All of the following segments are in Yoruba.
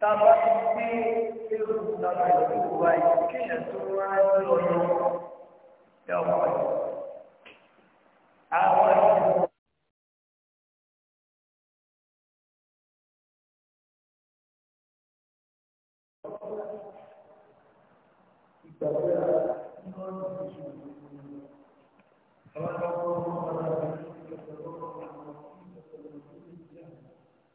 Tàbá ti gbé ẹrù tàbá ìlú wa ìkéyàn tó wá tu ẹ̀wọ̀n.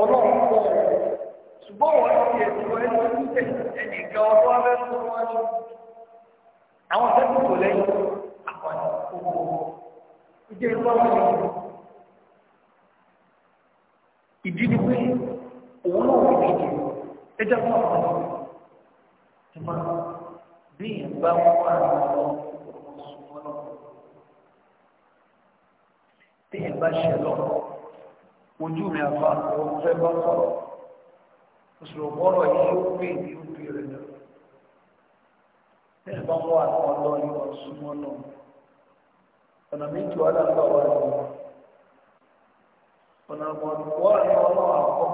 tọ́lọ̀ ń pọ̀ ṣùgbọ́n wọ́n ti ẹ̀sùn ẹni tó tẹ̀ ẹnìkan ọdún abẹ́ fún wọn ni àwọn akẹ́kọ̀ọ́ kò lẹ́yìn àkọ́ni gbogbo ìdí ẹ̀kọ́ wọn ni ìdí ni pé òun náà wọ́n ti jù ẹjọ́ fún àwọn ọmọ ìmọ̀ bí ìgbà wọn wà lọ́wọ́ tí ẹ̀ bá ṣe lọ́wọ́ ojú mi àfa òun fẹ́ bá sọ̀rọ̀ òṣùlùkọ́rọ̀ yìí ó pè ní òbí rẹ̀ lọ. bẹ́ẹ̀ bá wà ní ọlọ́rin ọ̀ṣunmọ́ náà ọ̀nà méjì wà lábẹ́ ọ̀wá rẹ̀ ọ̀nà ọ̀dùnkọ́ rẹ̀ ọlọ́wà kọ́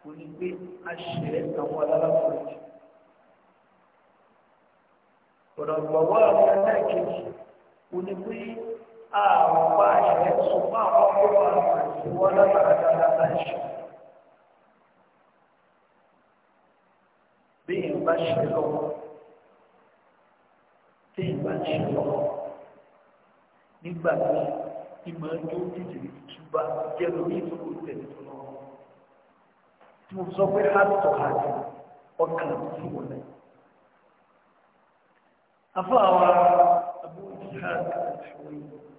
kò ní gbé àṣẹ àwọn alálàfọ̀ọ́jì. ọ̀nà ọ̀gbọ̀wọ́ rẹ̀ ẹlẹ́ẹ̀kejì kò ní gbé àwọn àṣẹ sùn fún àwọn ọmọ rẹ̀ ولا أتناقش بين بشر بين بشر nígbà tí ìmọ̀ ẹjọ́ títì ìtúbà jẹ́ lórí ìtòkò tẹ̀lé tó lọ́wọ́ tí mo sọ pé hard to hard ọkàn sí wọlé afọ àwọn abúlé hard to hard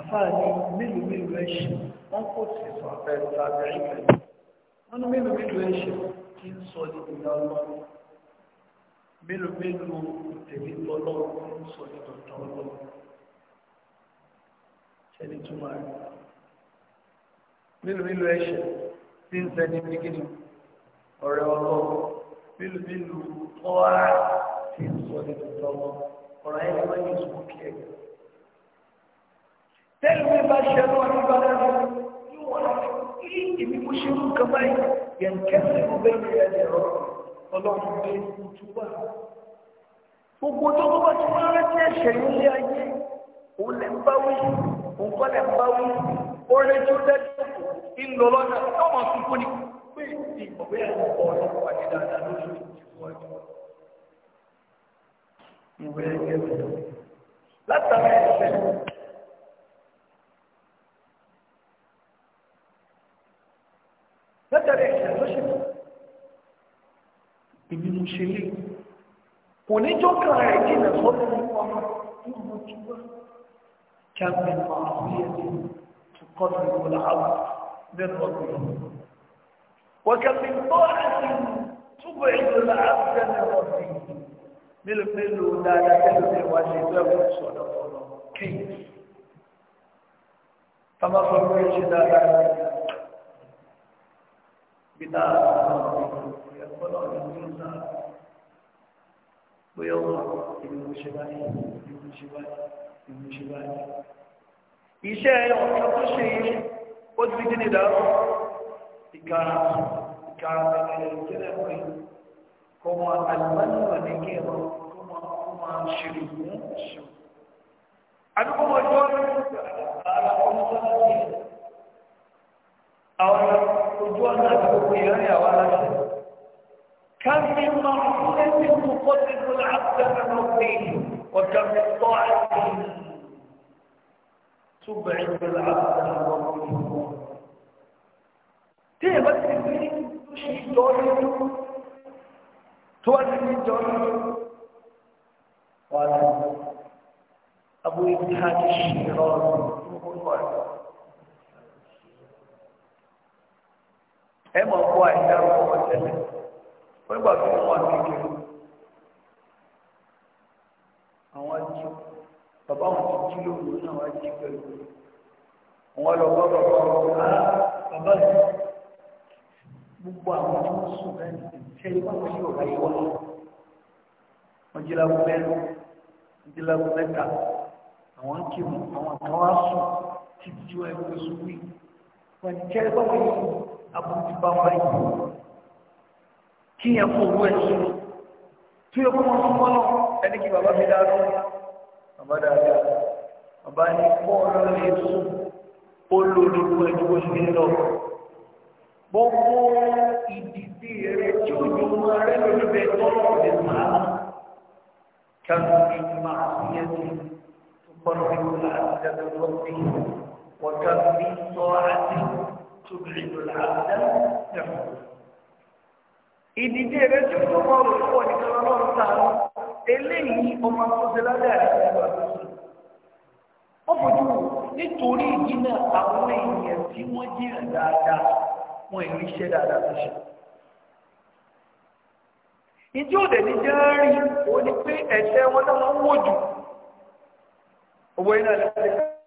àfáàní mélòó mélòó ẹ̀ṣẹ̀ wọ́n kò sì sọ àpẹẹrẹ tàbí ẹ̀ṣẹ̀ wọ́n ní mélòó mélòó ẹ̀ṣẹ̀ tí ń sọ ní ìyá ọlọ́run mélòó mélòó ìtẹ̀lé tọ́lọ́run tí ń sọ ní dọ̀tà ọlọ́run ṣẹlẹ̀ túmọ̀ rẹ̀ mélòó mélòó ẹ̀ṣẹ̀ tí ń sẹ́ni bíkínì ọ̀rẹ́ ọlọ́run mélòó mélòó tọ́wárà tí ń sọ ní dọ̀tà ọlọ́run ọ̀rọ̀ ayé yóò sọ kí ẹ̀gbẹ́ tẹ́lẹ̀ mi bá ṣe ẹ̀rọ àdúgbò rẹ̀ yóò wà kí èmi mo ṣe irú nǹkan báyìí yẹn kẹ́sì mo bẹ́ẹ̀ ní ẹ̀jẹ̀ rọ ọlọ́run bẹ́ẹ̀ kú tú wà. gbogbo tó tó bá ti máa rántí ẹ̀ṣẹ̀ nílé ayé òun lè ń bá wí òun kọ́ lè ń bá wí ó rẹ̀ tó èmi mo ṣe lé kò ní tó kàn rẹ̀ jìnà sọ́dọ̀ nípa ọmọ tí ọmọ tí wá jágbe máa rí ẹni tó kọ́ ní ìwọlá àwọn bẹ́ẹ̀ kọ́ ní ìwọlá. wọ́kẹ́sì tó àti túbọ̀ ìwọlá àwọn bẹ́ẹ̀ ní ọ̀sẹ̀ mélòó mélòó dáadáa tẹ́lẹ̀ tẹ́lẹ̀ wá ṣe bẹ́ẹ̀ kọ́ sọ̀dọ̀ ọ̀rọ̀ kéèkì. tábà sọ pé ṣe dáadáa bí dáadáa ọlọ́run ló ń sàn bóyá ó wà ibi mo ṣe báyìí ibi mo ṣe báyìí ibi mo ṣe báyìí. iṣẹ́ ọ̀kan tó ṣe yìí ó ti dín ìdáhùn ìkara ìkara ẹ̀rẹ̀ ìjẹ́lẹ̀ pé kó wọn àlùmọ́nìwà ní kí ẹ̀rọ kó wọn kó wọn ṣèlú fún ìṣù. àdúgbò wọn jọ ara ọmọ wọn ti àwọn ojú ọ̀nà àti gbogbo ìrìn àwọn aláṣẹ. كم من مرحلة تقدس العبد من ربه وكم من طاعة تبعد العبد من ربه تهبت تبين تشهد دوري تؤدي دوري قال أبو إبحاد الشيرازي ẹ mọ̀ fún àìsàn ọmọ wọ́n nígbà tó wọ́n wà kékeré àwọn ají bàbá wọn ti jí lóru náà wọ́n ají pẹ̀lú wọn lọ bá bàbá wọn á ah, bàbá yìí gbogbo àwọn tí wọ́n sùn lẹ́nu tẹ́lẹ̀ wọ́n sí ọ̀rọ̀ yìí wọ́n wọ́n jí lágbo mẹ́rin wọ́n jí lágbo mẹ́ta àwọn ń kírun àwọn kan wá sùn títí wọn ẹgbẹ́ sùn wí wọ́n ti tẹ́lẹ̀ báwọn yìí abúlé bá wọn yìí kí yẹn fún owó ẹ̀ sùn tí o kọ́ fún wọn náà ẹni kí bàbá mi dáa lọ́wọ́ bàbá dáadáa bàbá ní bọ́ọ̀lù lè sùn ó lórí fún ẹni bó ṣe ń lọ gbogbo ìdìbì rẹ tí ó yọ ọmọ rẹ lórí bẹ́ẹ̀ tọrọ lè máa kánú ní máa fi yẹn ti tọpọlọ bí wọn láti dáná lọ sí wọn kánú ní sọ àti tóbi lọ láti dáná lọ ìdíje rẹ tí ó wà lórúkọ nìkan lọ́rùn sàánú eléyìí ọmọ tó ṣe lábẹ́ àìsàn ìgbà tó sùn. wọ́n fojú nítorí ìdí náà àwọn èèyàn tí wọ́n jìyàn dáadáa wọn ìlú iṣẹ́ dáadáa tó ṣe. ìdí òde ní jẹ́rìí òní pé ẹ̀ṣẹ̀ wọn náà wọ́n wò jù owó iná lẹ́sẹ̀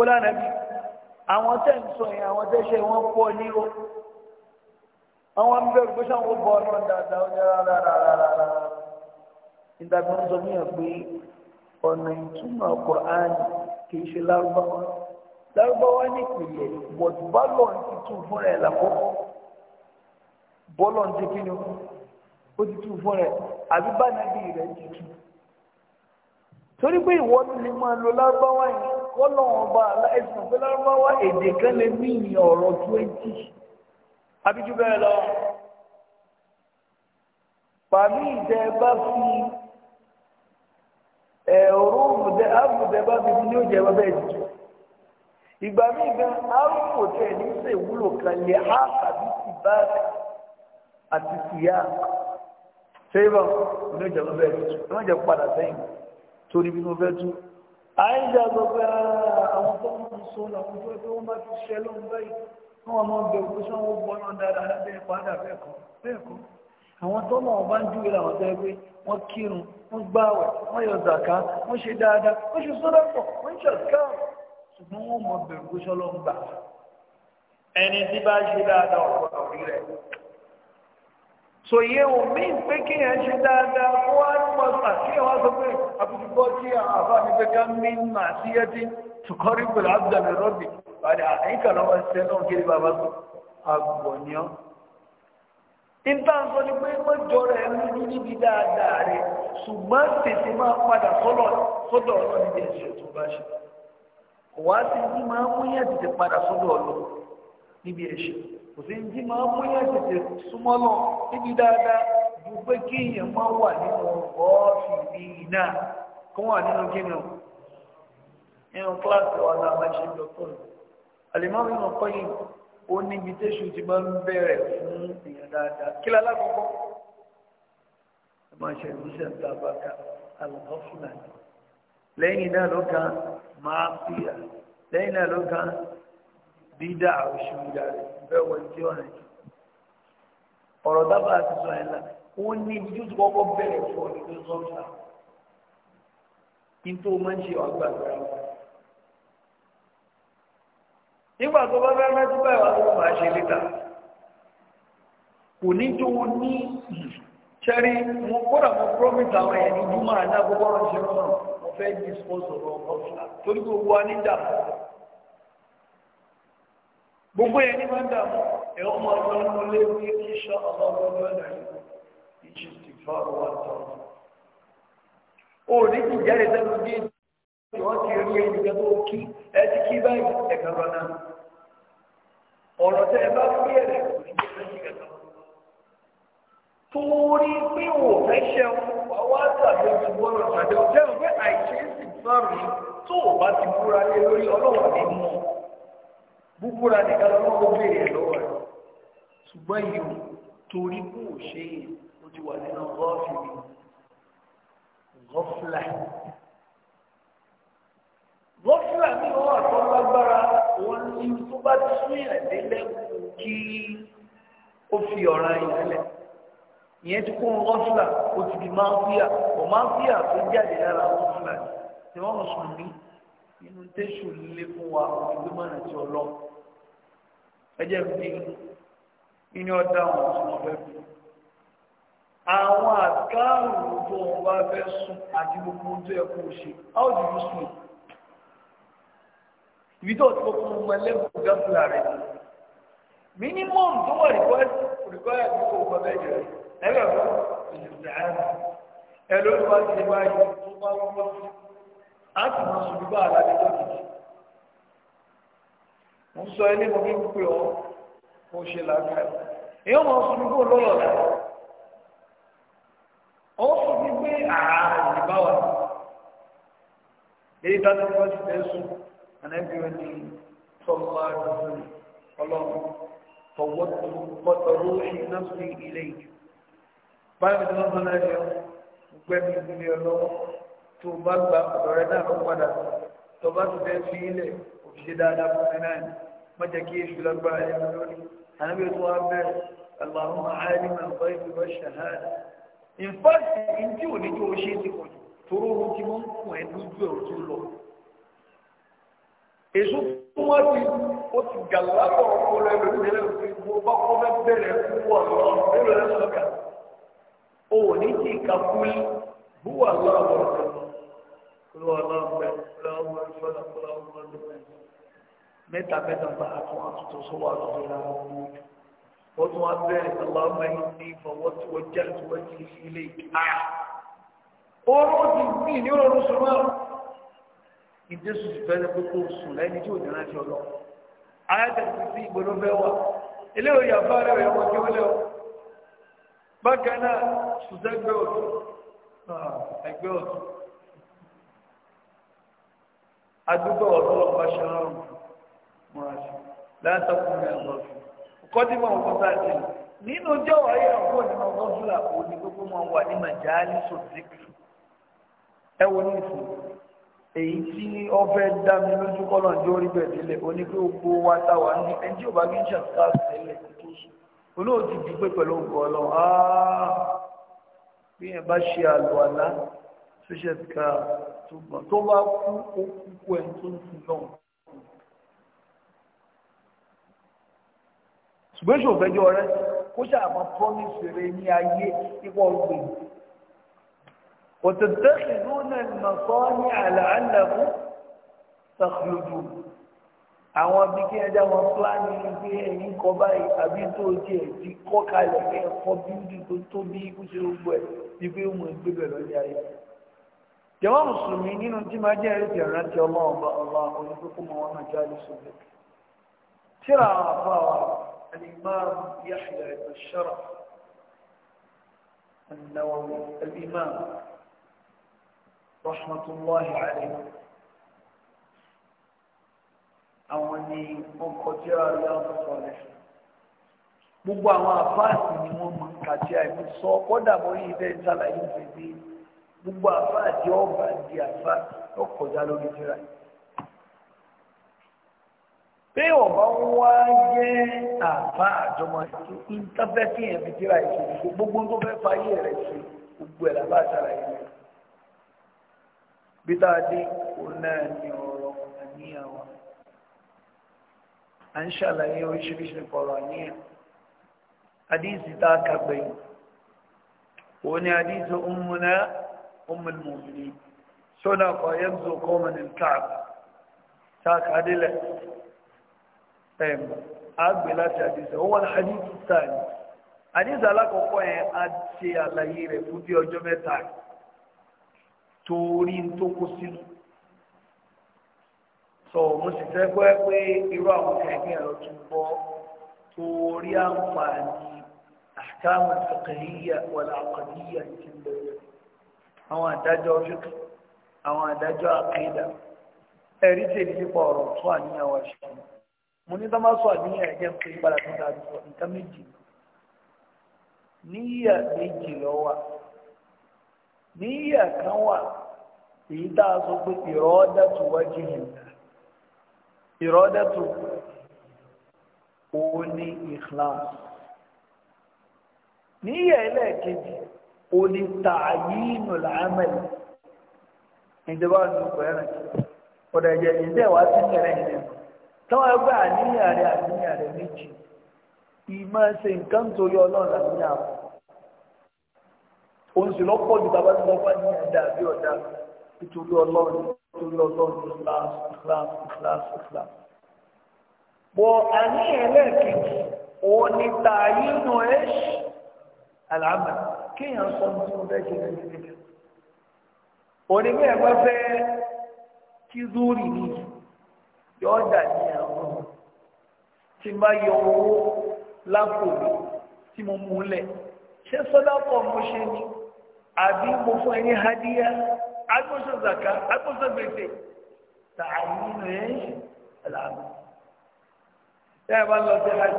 kó lánàá bí àwọn tẹ́ ń sọ yẹn àwọn tẹ́ṣẹ̀ wọn pọ̀ ní o àwọn ń bẹ̀rù pé sáwọn bọ̀ ọ̀nà dáadáa ọ̀nà rárára ìdàgbà ń sọ mí hàn pé ọ̀nà ìtumọ̀ Kùránì kì í ṣe lárúbáwá lárúbáwá ní ìpìlẹ̀ but bọ́lọ̀ ti tún fún rẹ̀ lákòókò bọ́lọ̀ ti kí ni ó ti tún fún rẹ̀ àbí bá nàbí rẹ̀ ti tún torí pé ìwọ́n lè máa lo lárúbáwá yẹn kọ́ lọ́wọ́ bá ẹ̀sùn pé lárúbáwá èdè kan lè mí ìyìn ọ̀rọ̀ twenty abíjú bẹ́ẹ̀ lọ. pàmí ìtẹ́ bá fi ẹ̀rọ òmùdẹ́ àbùdẹ́ bá fi ní oúnjẹ bá bẹ́ẹ̀ jù. ìgbà míì gan arúgbó tẹ̀ ní sèwúlò kan lè há tàbí ti bá àti tìyà ṣé ìbọn ní oúnjẹ bá bẹ́ẹ̀ jù. ẹ má jẹ́ padà sẹ́yìn torí bí mo fẹ́ tún àìjà gbogbo àwọn tó ń fi so làwọn tó tó wọ́n bá ti ṣe lóhun báyìí wọ́n wọ́n máa bẹ̀rù pé sọ́wọ́n gbọ́nà dáadáa bẹ́ẹ̀ padà bẹ́ẹ̀ kọ́ bẹ́ẹ̀ kọ́ àwọn tó náà bá ń júwe làwọn tó ẹgbẹ́ wọ́n kírun wọ́n gbáwẹ̀ wọ́n yọ zàká wọ́n ṣe dáadáa wọ́n ṣe sọ́dọ̀ pọ̀ wọ́n ṣe ọ̀ká sòye omi pé kí yẹn ṣe dáadáa kó wá mọ àti ẹwà sọ pé àbùkù tí àbá mi pé ká mí mà sí ẹtí tukọ́rí pẹ̀lú abdulhamid rọ́bì àti àyíká lọ́wọ́ ṣe náà kiri bàbá tó agbọ̀nyọ́. ìtànsọ ni pé wọ́n jọra ẹ̀ lójú níbi dáadáa rẹ̀ ṣùgbọ́n tètè máa padà sọ́dọ̀ sọ́dọ̀ ọ̀rọ̀ níbi ẹ̀ṣẹ̀ tó bá ṣe. wàá ti ní máa ń múyàn tètè padà sọ́dọ̀ ọ̀rọ̀ kò sí jí máa mú yẹn tètè súnmọ́ lọ níbi dáadáa ju pé kí èèyàn máa wà nínú ọ́ọ̀fì ní iná kó wà nínú kíni o nínú kíláàsì wa náà máa ṣe dọ́kítọ̀rù àlèmọ́ mi náà kọ́yìn ó ní ibi tẹ́sù ti máa ń bẹ̀rẹ̀ fún èèyàn dáadáa kí lálá kọ́kọ́ ẹ máa ṣe ìrúsẹ̀ ń ta bàkà àlùkò fúlàní lẹ́yìn náà ló kan máa ń fìyà lẹ́yìn náà ló kan bídà òṣùwìdà rẹ̀ bẹ́ẹ̀ wọ etí ọ̀rẹ́ jù ọ̀rọ̀ dábàá àti sọ ẹ̀ la wọ́n ní ibi tó kọ́kọ́ bẹ̀rẹ̀ fún ọdún tó sọ fún wa kí n tó máa ń ṣe ọgbà gbà wọn. nígbà tó bá fẹ́ẹ́ rántí báyìí wàá tó máa ṣe níta kò ní tó o ní sẹ́rí mo kódà mo promise àwọn èèyàn ní júmọ̀ àná gbogbo ọ̀rọ̀ ṣe rọrùn mo fẹ́ dispose ọ̀rọ̀ ọ̀fìlà torí gbogbo wa ní dàpọ̀ gbogbo yẹn ní máa ń dààmú ẹ ọmọ ọdún ọdún lé ní iṣẹ́ ọlọ́run ọdún ẹ̀dá yìí egypt fáwọn wà tọ́ òní ti jáde sẹ́nu bí wọ́n ti rí ẹnìkan tó kí ẹ ti kí báyìí ẹ̀ka lọ náà ọ̀rọ̀ tẹ́ ẹ bá fi ẹ̀rẹ̀ kò ní jẹ́ lẹ́yìn kẹta torí pé wò fẹ́ ṣẹ́wọ́n wàá tàbí ọtí bọ́ọ̀rọ̀ tàbí ọjọ́ ìwé àìṣe ìsìn fáwọn yìí tó o bá ti múra lé lórí ọlọ́wọ́ búbúra nìkan lọ́wọ́ ó béèrè lọ́wọ́ rẹ̀ ṣùgbọ́n yìí torí kò ṣe é ó ti wà nínú gọ́ọ̀fì mi gọ́fìlà gọ́fìlà mi wọ́n àtọ́lágbára wọn ní tó bá tún ìrẹ̀lẹ́lẹ́kùn kí ó fi ọ̀ràn ìrẹ̀lẹ̀ ìyẹn ti kún gọ́fìlà ó ti di máa ń fíyà ọ̀ máa ń fíyà tó jáde lára gọ́fìlà ni wọ́n mùsùlùmí inú tẹ́sù lé fún wa òfin gbẹ́mọ̀ràn tí ọlọ́run ẹjẹ́ fi nínú ọ̀dá wọn tí wọ́n fẹ́ fi àwọn àkáàrù tó wọn bá fẹ́ sùn àti gbogbo tó yẹ kó ṣe how do you sleep ibi tó ti kọ́kọ́ mọ ẹlẹ́gbọ̀n gáfúlà rẹ̀ minimum tó wà required required kó o bẹ́ẹ̀ jẹ ẹgbẹ́ fún ìdìbò ẹ lórí wá sí báyìí tó bá wọ́n á sì máa sùn bí bá àlàyé tó kìí. mo ń sọ ilé mo fi ń pè ọ mo ṣe làákà èèyàn máa sọ nígbò lọ́lọ́ rẹ̀ ó sọ fún pé ààrẹ ìbá wà èyí dájú bá ti fẹ́ sùn ànábi wọn ni tọ́lá ìdúró ọlọ́run tọ̀wọ́ tó kọ́tọ̀ lórí náà sí ilé ìjù báyìí tí wọ́n sọ náà ṣe ìdílé ọlọ́wọ́ tó bá gba ọ̀rẹ́ náà ló padà bá ti fẹ́ fi ilẹ̀. ṣe dáadáa fún mi náà má jẹ́ kí èṣù lágbára ẹni lórí ànábì tó wá bẹ̀rẹ̀ aláhùn àárín àgbà ìgbà ṣàhádà in fact in tí ò ní kí o ṣe ti pọ̀ jù toró ohun tí wọ́n ń kùn ẹ́ lójú ẹ̀ ojú lọ. èso tó wá ti ó ti gà látọ̀ ọkọ rẹ lórí ẹlẹ́wọ̀n pé mo bá kọ́ fẹ́ bẹ̀rẹ̀ fún wa lọ́wọ́ bẹ́ẹ̀ lọ́wọ́ kà ó ní kí ìka kúlí bú wa lọ́wọ́ kà lọ́wọ́ lọ́wọ́ bẹ́ẹ̀ lọ́wọ́ bẹ́ẹ̀ lọ́wọ́ bẹ́ẹ̀ mẹ́ta mẹ́ta gba àtúnwá tuntun sọ́wọ́ àtúntò ra wọn mú ó tún wá bẹ́ẹ̀ aláwọ̀ yìí ní ìfọwọ́ tí wọ́n jẹ́ àti wọ́n ti fi ilé ìka oró ti gbìn ní oró sùn náà ìdésù ti fẹ́ lẹ́kọ́ tó sùn lẹ́ni tí ò ní rántí ọlọ ayájẹ́sì sí ìgbóná bẹ́ẹ̀ wà eléyìí yàfa rẹ̀ rẹ̀ wọ́n jẹ́ wọlé o bákan náà sùsẹ́gbẹ́ ọ̀tún ẹgbẹ́ ọ̀tún adúgbò ọ̀tún lọ́pàá ṣe rọrùn múra sí látọkùnrin àgbọ̀fù kọ́dímọ̀ ọ̀gbọ́n sáà ti nínú jọ́wọ́ ayé àgbọ̀n nínú ọgbọ́n fúlà òní gbogbo wọn wà ní màjáálì sòdìkì ẹ wo ní ìsìn èyí tí ọfẹ dá mi lójú kọlọ ní orí bẹ́ẹ̀ délẹ̀ oní pé gbogbo wa tá wà ní ẹni tí ò bá gbé ṣàkà tẹ́lẹ̀ tó sùn olóòtú dìgbé pẹ̀lú nǹkan ọlọ bí yẹn bá ṣe àlọ àlá tó ṣe ká tó bá kú ó kú kú ẹni tó ń sin lọ́hùn. ṣùgbọ́n ṣò fẹjọ́ rẹ kó ṣàmọ́ promise rẹ ní ayé ipò ọ̀gbìn وتتخذون المصانع لعلكم تخلدون àwọn bí kí ẹja wọn pílánì pé ẹ̀yin kọ́ báyìí àbí tó jẹ ti kọ́ kalẹ̀ kẹ kọ́ bíúdì tó tóbi kó ṣe gbogbo ẹ bí pé òun ẹgbẹ́ bẹ́ẹ̀ lọlé ayé jẹwọn mùsùlùmí nínú tí máa jẹ ẹrẹtì ìrántí Ọlọ́run bá Ọlọ́run onípẹkọ mọ wọn náà jáde sóbẹ tíra àwọn àfa wa الإمام يحيى بن الشرف النووي الإمام رحمة الله عليه àwọn ni wọ́n kọjá aláwọ̀ sọ̀rọ̀ gbogbo àwọn àfáàsì ni wọ́n mọ̀ kàtí àìmú sọ kọ́dà mọ́ yìí bẹ́ẹ̀ sàlàyé ìfẹ́ bí gbogbo àfáàsì ọba di àfáàsì ọkọjá lórí tíra yìí pé ọba ń wá jẹ́ àbá àjọmọ ètò íńtánẹ́ẹ̀tì yẹn fi kíra ìṣòro gbogbo tó fẹ́ fàyè rẹ̀ ṣe gbogbo ẹ̀ làbá àṣàlàyé rẹ̀ bí táà dé òun náà ní ọ̀rọ̀ àníyàn wa à ń ṣàlàyé oríṣiríṣi ọ̀rọ̀ àníyàn àdíìsì tá a kà gbẹ̀yìn òun ni àdíìsì ummuna ummul mu'minin sọ́dọ̀ kọ̀ yẹ́bùsọ̀ kọ́mọ̀nì káàbù ẹ̀mọ̀ àgbè láti àdìsẹ̀ ó wọ́n hadithu tani hadithu alákọ̀ọ́kọ́ yẹn á ṣe àlàyé rẹ̀ fún bí ọjọ́ mẹ́ta torí tó kó sínú sọ mo sì fẹ́ gbọ́ pé irú àwọn kẹ̀kẹ́ ẹ̀rọ tún bọ́ torí àǹfààní àkàmù fiqhiyya ti àwọn mo ní tọ́mọ́ sọ àníyàn ẹ̀jẹ̀ ń pè é padà tó dáa sọ nǹkan méjì níyà méjì lọ wà níyà kan wà èyí tá a sọ pé ìrọ́dẹ̀tù wájú yìí ìrọ́dẹ̀tù òun ní ìhlàs níyà ẹlẹ́ẹ̀kejì òun ní tààyínù làámẹ̀lì ìjọba ọ̀nà ìpẹ́rẹ́ ọ̀dà ìjẹ́ ìjẹ́ wàá sí ìrẹ́ ìrẹ́ ìrẹ́ tọ́wọ́ ẹgbẹ́ àníyàn rẹ̀ àníyàn rẹ̀ méjì ìmọ̀ ṣe nǹkan torí ọlọ́run àníyàn rẹ̀ òun sì lọ́pọ̀ ju bàbá tí wọ́n bá ní ẹ̀dá àbí ọ̀dá nítorí ọlọ́run nítorí ọlọ́run islam islam islam islam. bọ̀ àníyàn lẹ́ẹ̀kejì òun ni tààyè nù ẹ́ ṣì àlàmà kéèyàn sọ ní tí mo fẹ́ ṣe ní ìdílé. òní bí kí yọ dà ní àwọn tí bá yọ owó lápò mi tí mo mú lẹ̀ ṣé sọ́dá pọ̀ mo ṣe ni àbí mo fún ẹni hadiya agbóṣe zaka agbóṣe gbèsè tààyè rẹ̀ aláàbò tẹ́ẹ̀ bá lọ sí hajj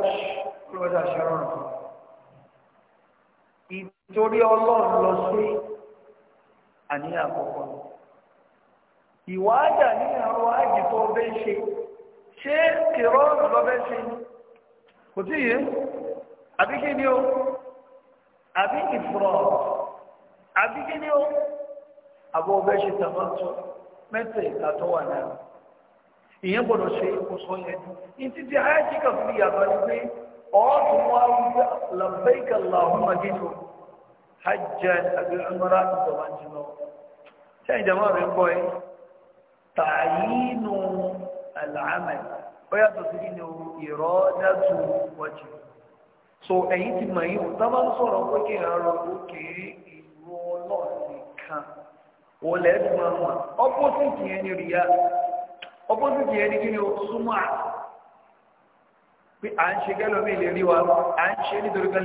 olùwọ́dà ṣọ́rọ̀ ìtorí ọlọ́run lọ sí àníyàn àkọ́kọ́ ìwádà ní àwọn tó fẹ́ ṣe ṣé kìrọ́ lọ fẹ́ ṣe kò tí yé àbí kí ni o àbí ìfúrọ̀ àbí kí ni o àbọ̀ fẹ́ ṣe tàbátọ̀ mẹ́tẹ̀ẹ̀ta tó wà náà ìyẹn gbọ́dọ̀ ṣe ìkóso yẹn ní títí ayájí kan fi yàtọ̀ ní pé ọ̀ọ́dún wa wúdà làbẹ́ẹ̀kà làwọn àdínú hajj àbí umrah ìjọba jùlọ ṣé ìjàmbá rẹ̀ ń bọ̀ yìí. tààyínú àlàámẹ̀ ó yàtọ̀ sí nínú ìrọ́ wọ́jì so ẹ̀yìn ti mọ̀ yíò tá bá ń sọ̀rọ̀ pé kí ẹ̀rọ ọ̀rọ̀ òkè ìró ọlọ́ọ̀nìkan wọ́n lẹ́ẹ̀dù máa wà ọ́pọ́sìtì yẹn ni rìyà ọ́pọ́sìtì ni kí ni ó súnmọ́ pé à ń ṣe gẹ́lómi lè rí wa à ń ṣe nítorí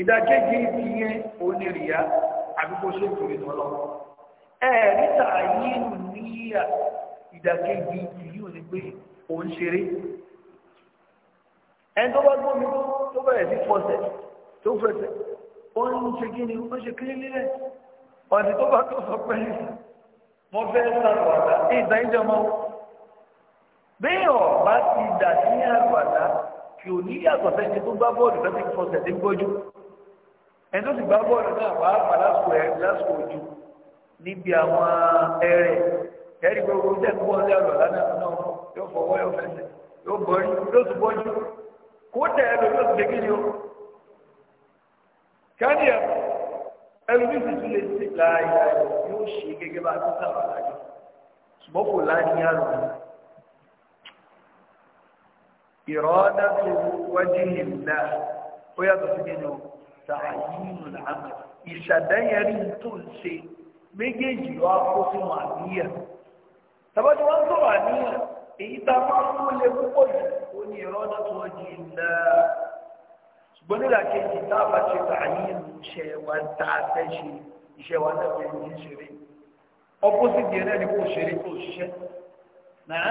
ìdákéjì ti yẹn onírìyá àdúgbò ṣètò ìtọ́lọ́ ẹ̀ẹ́dítà yìí níyà ìdákéjì ti yìí ni pé òun ṣeré ẹni tó bá gbómi tó bẹ̀rẹ̀ sí pọ̀sẹ̀ tó fẹsẹ̀ ó ń ṣe kí ni ó ṣe kí lílẹ̀ ọ̀nì tó bá tó sọ pé mo fẹ́ sàrùwàdà ní ìta ìjọmọ́ bẹ́ẹ̀ ọ̀bá ti dà sí àrùwàdà kì ò ní yàtọ̀ sẹ́ni tó gbá bọ́ọ̀lù lọ́sẹ̀ fọ̀sẹ̀ tí ń ẹni tó sì gbá bọ́ọ̀lù náà pàápàá lásìkò ẹ lásìkò ojú níbi àwọn ẹrẹ ẹrí gbogbo jẹ́ ní bọ́ọ̀lù ẹ̀rọ lánàá náà yóò fọwọ́ yóò fẹsẹ̀ yóò bọ́ọ̀lù yóò tún bọ́ọ̀lù kó tẹ̀ ẹ lọ yóò tún dégé ni o. káàdì ẹ̀ ẹlòmíì sì tún lè sí láàyè yóò ṣe gẹ́gẹ́ bá a ti sábà láàyè ṣùgbọ́n kò láàyè àrùn ìrọ̀dá tó wájú ìlú náà ó yàtọ̀ tààyínú làmà ìṣàdáyẹrí tó ń ṣe méjèèjì lọ kó sínú àníyàn tàbátí wọn tó àníyàn èyí tá a máa ń mú lé púpọ̀ jù ó ní ìrọ́nà tó ń jì ńlá ṣùgbọ́n nígbà kejì tá a bá ṣe tààyínú iṣẹ́ wa tá a fẹ́ ṣe iṣẹ́ wa náà fẹ́ ní ṣeré ọpọ́sìtì yẹn náà ni kò ṣeré kò ṣiṣẹ́ náà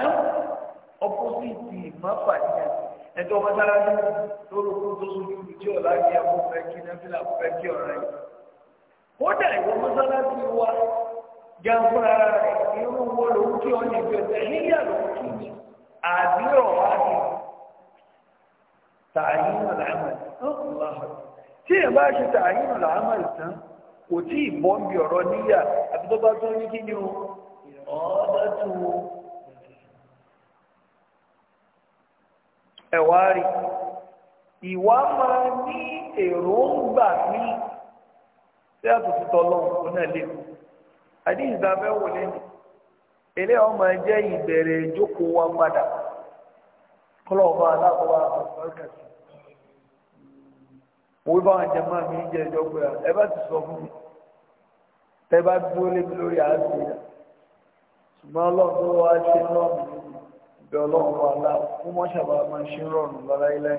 ọpọ́sìtì ìmọ̀fà ní ẹ̀sìn ẹjọ́ mọ́sálásí lórúkú tó sojú tí ọ̀la kí ẹ kó fẹ́ kí nẹ́fílà kó fẹ́ kí ọ̀rẹ́ yìí. kódà ìwọ mọ́sálásí wa jẹun ara rẹ̀ irú wo lòun kí ọ ní ìjọ tẹ níyà lòun kí ni àdúrà wá ní tààyìn ọ̀làmà tí ẹ bá ṣe tààyìn ọ̀làmà tán kò tí ì bọ́ ń bí ọ̀rọ̀ níyà àti tó bá tó ní kí ni o ìrọ̀lọ́tún ewari iwa ìwà máa ní èròǹgbà ní tí a tuntun tọ́lọ́ adi náà lè mú àdéhùn ìdáfẹ́ lẹ́nu eléyà jẹ́ ìbẹ̀rẹ̀ ìjókòó wa padà kọ́lọ̀ aláàbọ̀wá àbọ̀kà sí òwe bá wọn jẹ máa mi jẹ ẹjọ́ pé ẹ bá ti sọ fún mi ẹ bá dúró lébi lórí àásì rẹ ṣùgbọ́n ọlọ́run wá ṣe náà bí ọlọ́run bá lá fún mọ́ṣàbá máa ṣe rọrùn lọ́la ilẹ̀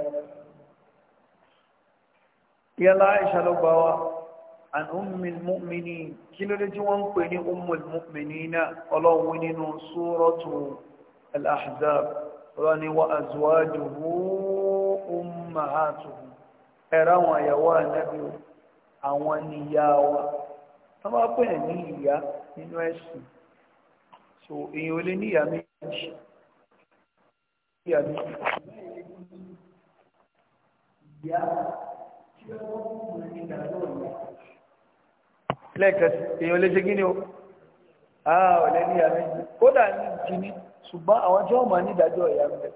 yálà ìṣàlọ́gbà wa an ummil mu'mini kí ló dé tí wọ́n ń pè ní ummul mu'mini náà ọlọ́run nínú suratu al-ahzab rani wa azwajuhu ummahatuhu ẹ̀rọ àwọn àyàwó ànábì àwọn ní ìyá méjì ìyá èèyàn lè ṣe kí ni o ọ̀lẹ́ ní ìyá méjì kódà ní jìnnì ṣùgbọ́n àwọn tí wọ́n mọ̀ ní ìdájọ́ ìyá mẹ́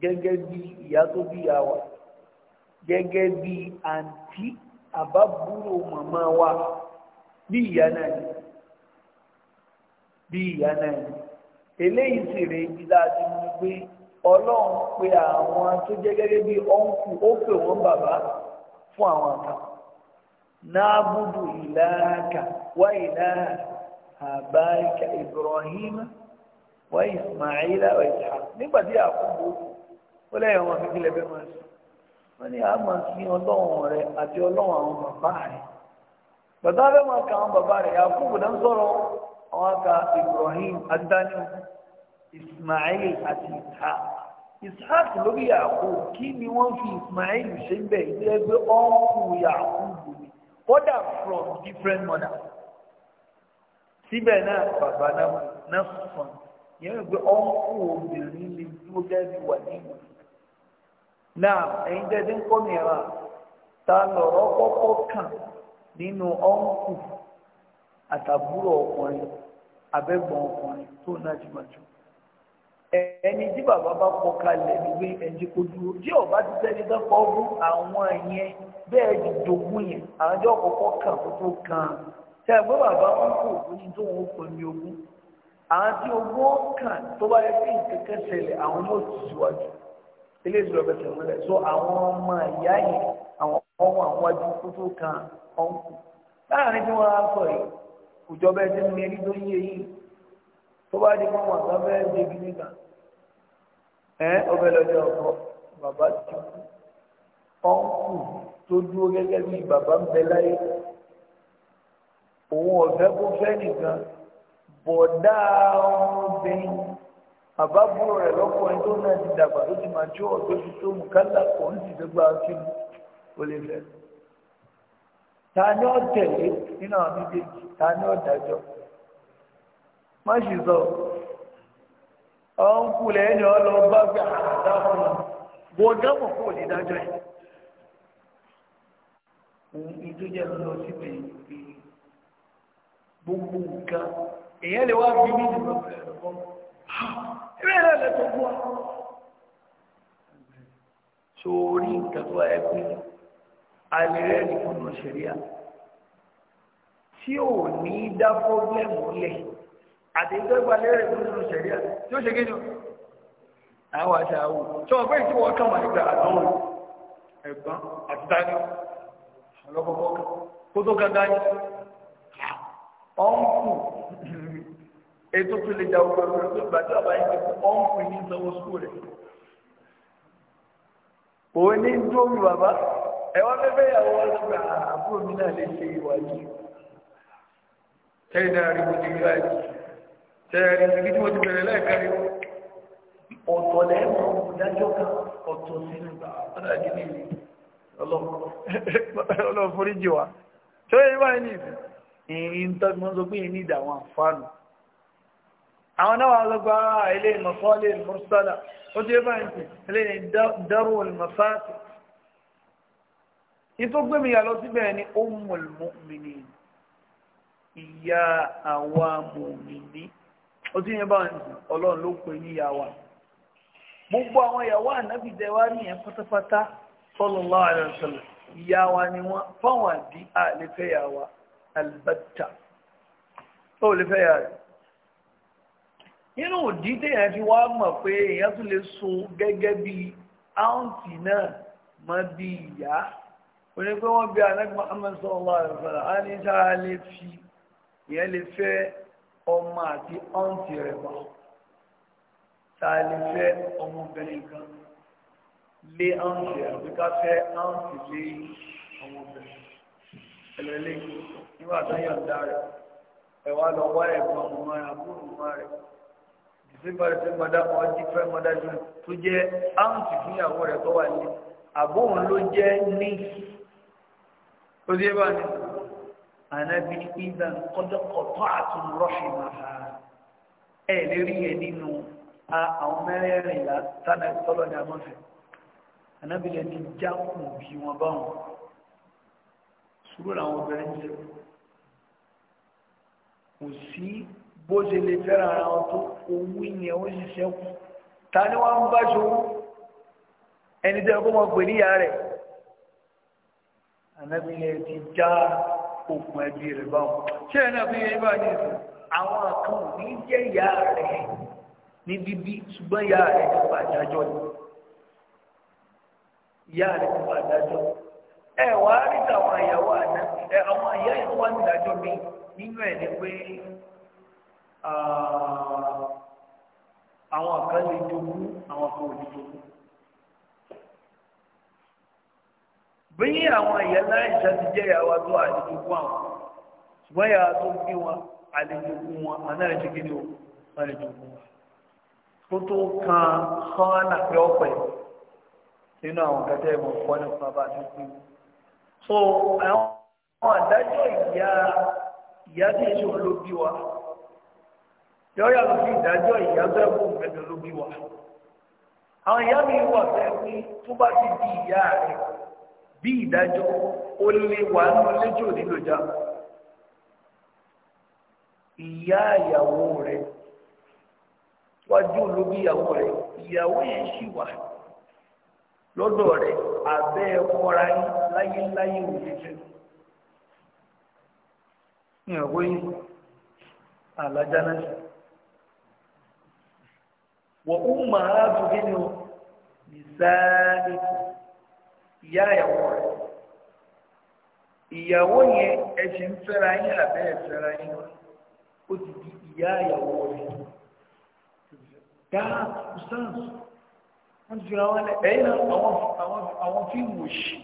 gẹ́gẹ́ bí ìyá tó bí ìyá wa gẹ́gẹ́ bí àǹtí àbábúrò màmá wa bí ìyá náà ni bí ìyá náà ni eléyìí sì rèé bí láti mú pé ọlọ́run pe àwọn tó jẹ́ gẹ́gẹ́ bí ọ̀nkù ó pè wọ́n bàbá fún àwọn kan náàbùdù ìlàkà wá àbáríkà Ibrahim wá Ismaila wá Ishaq nígbà tí àkókò ó lẹ́yìn wọn fi kílẹ̀ bẹ́ẹ̀ máa sùn wọ́n ní àmọ́ ọlọ́run rẹ àti ọlọ́run àwọn bàbá rẹ bàbá máa ka àwọn bàbá rẹ àkókò náà sọ̀rọ̀ aka Ibrahim ismail àti ishaq ishaq lórí yàkó kí ni wọ́n fi ismail ṣe ń bẹ̀ ilé ẹgbẹ́ ọ́nkù yàkó gbòmí kódà from different mother síbẹ̀ náà bàbá náà náà sọ̀n yẹn wọ́n gbé ọ́nkù obìnrin lè dúró gẹ́gẹ́ wà nínú náà ẹ̀yin dẹ́dẹ́ ń kọ́ mìíràn ta lọ̀rọ̀ kọ́kọ́ kàn nínú ọ́nkù àtàbúrò ọkùnrin abẹ́gbọ̀n ọkùnrin tó náà jùmọ̀jùmọ̀. ẹni tí bàbá bá pọ̀ kalẹ̀ nígbé ẹni kò dúró tí ọba ti sẹ́ni tán pọ̀ fún àwọn yẹn bẹ́ẹ̀ ju dogun yẹn àwọn ọjọ́ kọ̀ọ̀kọ́ kàn kó tó kàn tẹ́ bàbá kò ní tó ní àwọn tí kàn tó bá yẹ kí àwọn yóò ti síwájú ilé ìṣòro ẹ̀fẹ̀sẹ̀ múlẹ̀ so àwọn ọmọ ìyá yẹn àwọn ọmọ àwọn kó tó tó bá di mọ́ wọn kan fẹ́ẹ́ débi nígbà ẹ ọbẹ̀ lọ́jọ́ ọkọ bàbá ti kú ọ̀nkù tó dúró gẹ́gẹ́ bí bàbá ń bẹ láyé òun ọ̀fẹ́ kó fẹ́ nìkan bọ̀dá ọmọbìnrin àbábúrò rẹ̀ lọ́kùnrin tó náà ti dàgbà tó ti máa jó ọ̀dọ́ ti tó mú kálá kò ń sì gbégbá fíìmù ó lè fẹ́. ta ni ó tẹ̀lé nínú àwọn méjèèjì ta ni ó dájọ́ má sì sọ ọ̀hún kulẹ̀ ẹni ọlọ bá gbé àdá ọ̀nà wọ́n dábọ̀ kó lè dájọ́ ẹ̀. ìdójẹ́ lọ síbẹ̀ yìí gbogbo nǹkan èèyàn lè wá bí mí nìkan bẹ̀rẹ̀ lọ́wọ́ ẹ̀rẹ́ náà lẹ́tọ̀ fún wa. sórí nǹkan tó ẹ pín alẹ́ rẹ̀ nìkan náà ṣẹlẹ̀ à tí ò ní dá fọ́gbẹ́mù lẹ̀ àti ìtọ́gbà lérè nínú sẹ̀ríà tí ó ṣe kí ni àwọn àṣà àwò tí wọ́n fẹ́ tí wọ́n kàn wọ́n nígbà àdánwò ẹ̀gbọ́n àti dání ọlọ́kọ̀ọ́kọ́ kó tó gángan ní ọ̀nkù ètò tó lè jà òkú ẹ̀rọ tó gbà tí yìí tẹ̀rí ibi tí mo ti bẹ̀rẹ̀ lẹ́ẹ̀kẹ́rin ọ̀tọ̀ lẹ́ẹ̀mọ ìdájọ́ kan ọ̀tọ̀ sínú gbà ọ̀dà gidi ọlọ́run foríjì wa tó yẹ báyìí ní ìsìn ìrìn tó ti mọ́ sọ pé ìní ìdà àwọn àǹfààní àwọn náà wà lọ́gbà ilé ìmọ̀sọ́lé ìmọ̀sọ́lá ó ti yẹ báyìí ní ilé ìdárò ìmọ̀sáàtì ìtọ́gbẹ́mi yà lọ síbẹ̀ ni ó mọ̀lmọ́ ìyá àwa mọ̀mí ó ti yẹn bá ọlọ́run ló pè ní ìyá wa gbogbo àwọn ìyàwó ànábì dẹwà nìyẹn pátápátá sallallahu alaihi wasallam ìyá wa ni wọ́n fáwọn àdí àlefẹ́ ìyá wa albatta ó lè fẹ́ ìyá rẹ̀ nínú òdí téèyàn fi wá mọ̀ pé èèyàn tún lè sun gẹ́gẹ́ bí áùntì náà mọ́ bí ìyá ó pé wọ́n bí anágbọ́n amẹ́sọ̀rọ̀ ọlọ́run àlùfẹ́lẹ̀ á lè fi ìyẹn lè fẹ́ ọmọ àti ọ́ǹtì rẹ̀ wá ta lè fẹ́ ọmọbìnrin kan lé ọ́ǹtì àbí ká fẹ́ ọ́ǹtì lé ọmọbìnrin ẹlẹ́lẹ́ nígbà tó yọ̀ǹda rẹ̀ ẹ wá lọ wá ẹ̀gbọ́n ọmọ rẹ̀ àbúrò ọmọ rẹ̀ dìsẹ́mbà dìsẹ́mbà dápọ̀ ọjí fẹ́ mọ́dájú tó jẹ́ ọ́ǹtì fún ìyàwó rẹ̀ tó wà ní àbóhùn ló jẹ́ ní ó dé bá nìyí ànábi ìdá kọ́dọ̀kọ̀tọ́ àtúnrọ́ṣìmá ha ẹ̀ lérí ẹ̀ nínú àwọn mẹ́rẹ̀ẹ̀rìnlá tánà tọ́lọ̀ ní amọ́fẹ́ ànábi lẹ́ni jákùn bí wọn bá wọn sùúrù làwọn obìnrin ṣe kò sí bó ṣe lè fẹ́ràn ara wọn tó owó ìyẹn ó sì ṣẹ́kù ta ni wọ́n ń bá ṣòwò ẹni tẹ́ kó mọ̀ pè níyà rẹ̀ ànábi lẹ́ni ti já okùn ẹbí rẹ̀ báwọn ṣé ẹ̀ náà fi yẹn bá yẹn sùn àwọn kan ní jẹ́ ìyá rẹ̀ ní bíbí ṣùgbọ́n ìyá rẹ̀ ti pa ni ìyá rẹ̀ ti pa àdájọ́ ẹ wà á rí tàwọn ìyàwó àná ẹ àwọn wà ní mi nínú ni pé àwọn bí àwọn ìyá náà ìṣá ti jẹ́ ìyàwó tó àlejò fún àwọn ṣùgbọ́n ìyàwó tó bí wọn àlejò fún wọn àná ẹ̀jẹ̀ kí ni o àlejò wọn. kó tó kan sọ́nà pé ọ̀pẹ̀ nínú àwọn kẹtẹ́ ìmọ̀ fọ́ nípa bá ti kú. so àwọn àdájọ́ ìyá ìyá tí èso ló bí wa yọ yàtọ̀ sí ìdájọ́ ìyá tó ẹ̀kú mẹ́tẹ̀ ló bí wa àwọn ìyá mi wà fẹ́ bí ìdájọ́ ó lé wà nínú léjò nínú ìjà ìyá ìyàwó rẹ̀ wájú olóbi ìyàwó rẹ̀ ìyàwó yẹn sì wà lọ́dọ̀ rẹ̀ abẹ́ ẹ̀kọ́ra yín láyéláyé òjijì ìyàwó yín àlájá náà wọ́n ó máa dùn nínú nìsáàdìkù ìyá ìyàwó rẹ̀ ìyàwó yẹn ẹ̀sìn fẹ́ra yín àbẹ́ ẹ̀fẹ́ra yín ó ti di ìyá ìyàwó rẹ̀ dáa kùsáàsì wọ́n ti fi àwọn ẹ̀yìn àwọn fíìmù òṣì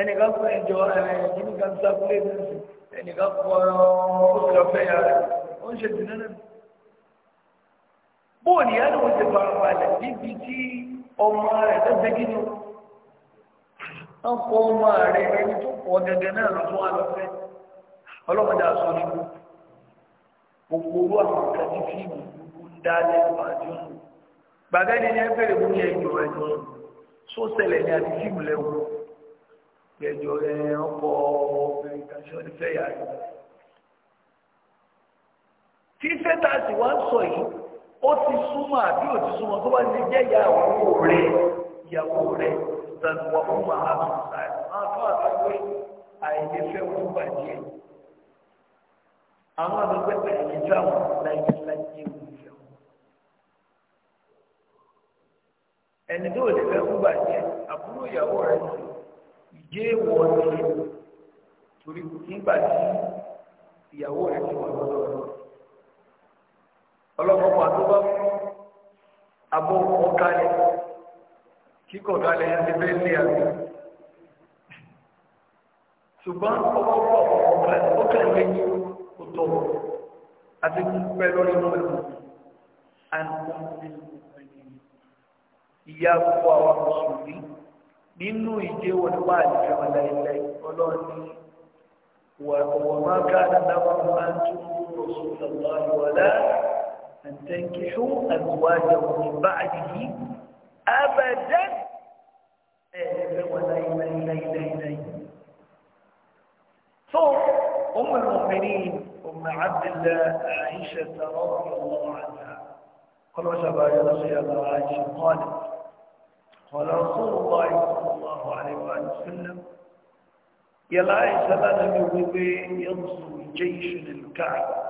ẹnìkan kọ́ ẹ̀jọ́ ẹ̀yìn kan sábúlé nẹ́ẹ̀sì ẹnìkan kọ́ ọ̀rọ̀ ọ̀fẹ́ yà rẹ̀ ó ń ṣe dùn náà bóòlù yẹn ló ń ṣe fara balẹ̀ níbi tí ọmọ rẹ̀ tó ṣe kí ni o ọkọ ọmọ rẹ ẹni tó pọ̀ gẹ́gẹ́ náà lọ fún alọfẹ ọlọmọdé aṣọ ni gbogbo owó àwọn kẹjì fíìmù gbogbo ń dá lẹ́nu àjọ nù ni ẹ bèrè mú ní ẹjọ́ ẹjọ́ só ṣẹlẹ̀ ní àti fíìmù lẹ́wọ́ ẹjọ́ ẹ ọkọ obìnrin kan ṣe ọdún fẹ́yà rẹ tí fẹ́tàsì wá ń sọ yìí ó ti súnmọ́ àbí ò ti súnmọ́ tó bá ti jẹ́ ìyàwó rẹ ìyàwó rẹ dan wa ummahatu sai ma to a ko ai ne fe mu ba je amma da ko da ni ta mu da ni la ni mu je ẹni tó lè fẹ́ fún bàjẹ́ àbúrò ìyàwó rẹ̀ sí ìjẹ́ ìwọ̀ ni torí nígbà tí ìyàwó rẹ̀ ti wà lọ́dọ̀ rẹ̀ ọlọ́mọkùnrin tó bá fún abọ́ ọ̀kalẹ̀ kíkọ̀ dalẹ̀ yẹn ti bẹ́ẹ̀ lé àgbẹ̀ ṣùgbọ́n ọwọ́ pọ̀ ó kẹ́ méjì ó tọ̀ àti pẹ́ lórí mọ́lẹ̀ àti ìyá gbogbo àwọn mùsùlùmí nínú ìdí wọn wà nífẹ̀ẹ́ wọn láìláì ọlọ́run ní وما كان لهم أن تؤمنوا رسول الله ولا أن تنكحوا أزواجه من بعده أبدا ثم أم المؤمنين أم عبد الله عائشة رضي الله عنها قال وجب يا رسول الله عائشة قالت قال رسول الله صلى الله عليه وآله وسلم يا عائشه لازم يقول ينصر جيش للكعبة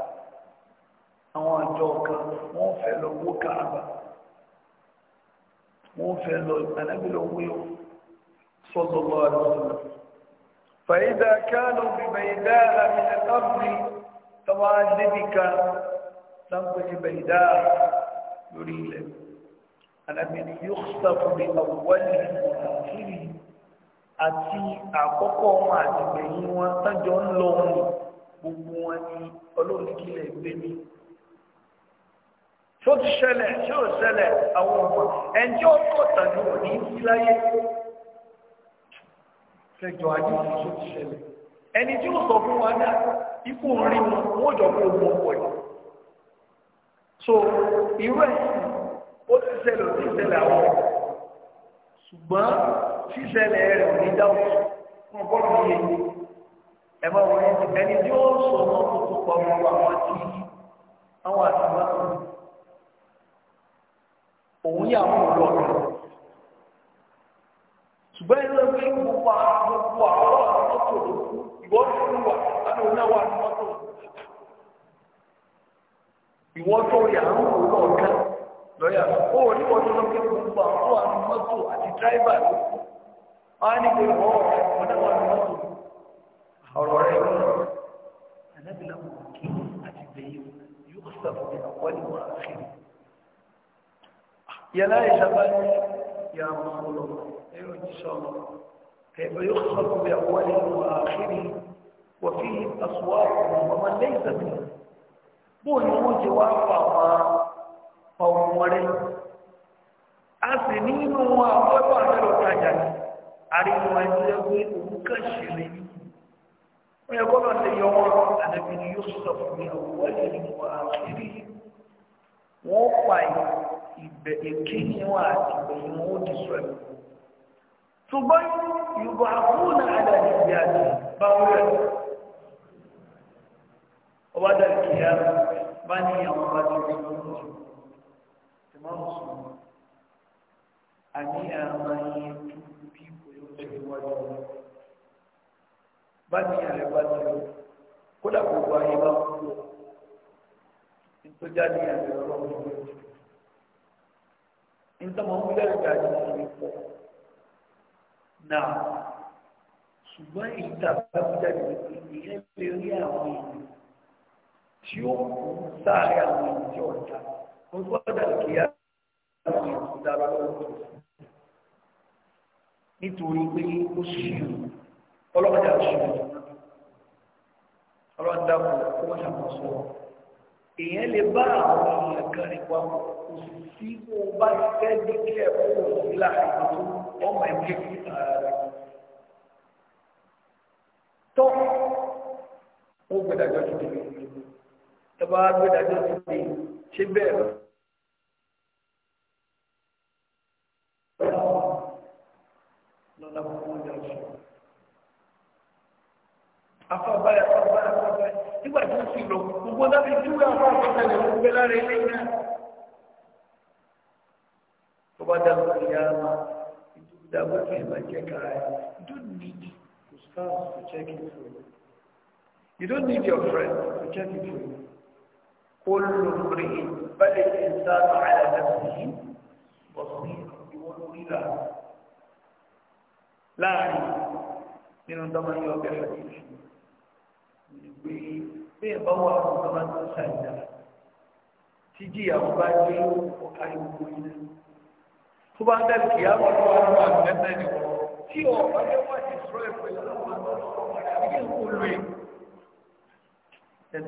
مو فعل ابو كعبة wọ́n fẹ́ lọ ànábì lọ wí o sọ́dọ̀ lọ àdúgbò. fàyídà kánú bìbẹ̀yìdá àmì ẹ̀kọ́bì tọ́wọ́ débìkà láǹkójì bẹ̀yìdá lórí ilẹ̀. ànábì ni yóò sàkó bí àwọ̀wálì àkìrì àti àkọ́kọ́ wọn àti gbẹ̀yìn wọn tájọ ń lọ wọn gbogbo wọn ni ọlọ́run kílẹ̀ gbé tó ti ṣẹlẹ̀ tí ó ṣẹlẹ̀ àwọn ọmọ ẹni tí ó kọ̀ tàbí òní síláyé kẹjọ ayé tí ó ti ṣẹlẹ̀ ẹni tí ó sọ fún wa náà ikú rí wọ́n jọ kó wọn pọ̀ yìí so irú ẹ̀sìn ó ti ṣẹlẹ̀ ó ti ṣẹlẹ̀ àwọn ọmọ ṣùgbọ́n ṣíṣẹlẹ̀ rẹ̀ ò ní dáwọ́ wọn bọ́ mi yé ẹ máa wọ ẹni tí ó sọ wọn òun yà wọ́n lọ rẹ̀. ṣùgbọ́n ilé ẹgbẹ́ gbogbo gbogbo àwọn mọ́tò ìwọ tó wà láti òun náà wà ní mọ́tò ìwọ tó yà ń wò lọ́ọ̀kan lọ́yà ó ní wọ́n tó lọ́kẹ́ gbogbo àwọn àwọn mọ́tò àti dráìvà ló kù wọ́n á ní pé wọ́n ọ̀rẹ́ náà wà ní mọ́tò ọ̀rọ̀ rẹ̀ lọ́rọ̀ ànábìlà wọn kí àti bẹ̀yẹ̀ yóò sọ̀rọ̀ ní àwọn ìwà àfihàn yàrá ìṣàbá ní yà máa lọ ẹ̀rọ ìṣọ́ lọ kẹfẹ́ yóò sọ fún mi àwọn ẹni wà áhìrì wà fi àṣùwà ọmọ lẹ́yìn tàbí bóun ni wọ́n ti wá fà wọn ọmọ rẹ a sì ní inú wọn àwọn ẹgbẹ́ àtẹ́lẹ̀ ọ̀tajà ni àríwá ẹni ẹgbẹ́ òun kàn ṣe lè ní wọ́n yẹ kọ́ lọ́ọ́ ṣe yọ wọn àdàbí ni yóò sọ fún mi àwọn ẹni wà áhìrì wọ́n pa ìwọ̀n ìbẹ̀ ìkíni wọn àti ìbẹ̀yìn wọn ó di sọ ẹ̀. ṣùgbọ́n yorùbá àbúrò náà dà ní ìgbé àti báwọn rẹ̀ ọba dà kí á bá ní àwọn ọba tó ti lọ lọ sí máa ń sùn àní àmà yẹn tó bí kò yóò ṣe wájú wọn bá ní àrẹ bá ti lọ kódà gbogbo ayé bá kú lọ nítorí jáde ọlọ́run ló ti lọ nítorí wọn wúlò ẹ̀ka ní ìlú pọ̀ náà ṣùgbọ́n èyí tàbí jáde wípé ìyẹn lè rí àwọn èèyàn tí ó kú sáré àwọn èèyàn tí ọ̀dà wọ́n gbọ́dọ̀ kí á àwọn èèyàn tó dára lọ́wọ́ tó nítorí pé ó ṣìrò ọlọ́pàá ṣìrò ọlọ́dàpọ̀ kó wọ́n ṣàkóso ọ̀rọ̀ èèyàn lè bá àwọn èèyàn kan rìn papọ̀ kò sì sí kó o bá ti fẹ́ díkẹ́ kó o sí láàrin tó ọmọ ẹgbẹ́ fún ara rẹ̀. tọ́ ó gbẹdàjọ́ ti dìbò tọ́ba gbẹdàjọ́ ti dìbò ṣé bẹ́ẹ̀ lọ. lọ́la kó wọ́n jà sùn. afọ́báyà afọ́báyà afọ́báyà nígbà tí ó sì lọ gbogbo láti júwe àwọn àkọsẹ̀ lè wọ́n gbé lára ilé náà. tó bá dá lórí yàrá máa ìdúró dáwọ́ kí ẹ máa jẹ́ kára ẹ̀ you don't need your spouse to check it for you you don't need your friend to check it for you. kó lóore bẹ́ẹ̀ ni sáà àyà lẹ́sìn yìí bọ̀ sí ìwọ́n orí rà láàrin nínú tọ́mọ yóò bẹ̀rẹ̀ ìṣúná pé bí ẹ bá wà àwọn ọmọ tó ṣàìdá tí jíyàwó bá gbé ọkàrí gbogbo iná tó bá dẹ̀ kí á wọ́n wá lọ́wọ́ àgbẹ̀tẹ̀ ni wọ́n tí ọ̀pá yẹn wà ní ìṣòro ẹ̀fọ́ ìlànà àwọn ọmọ ọmọ kí ẹ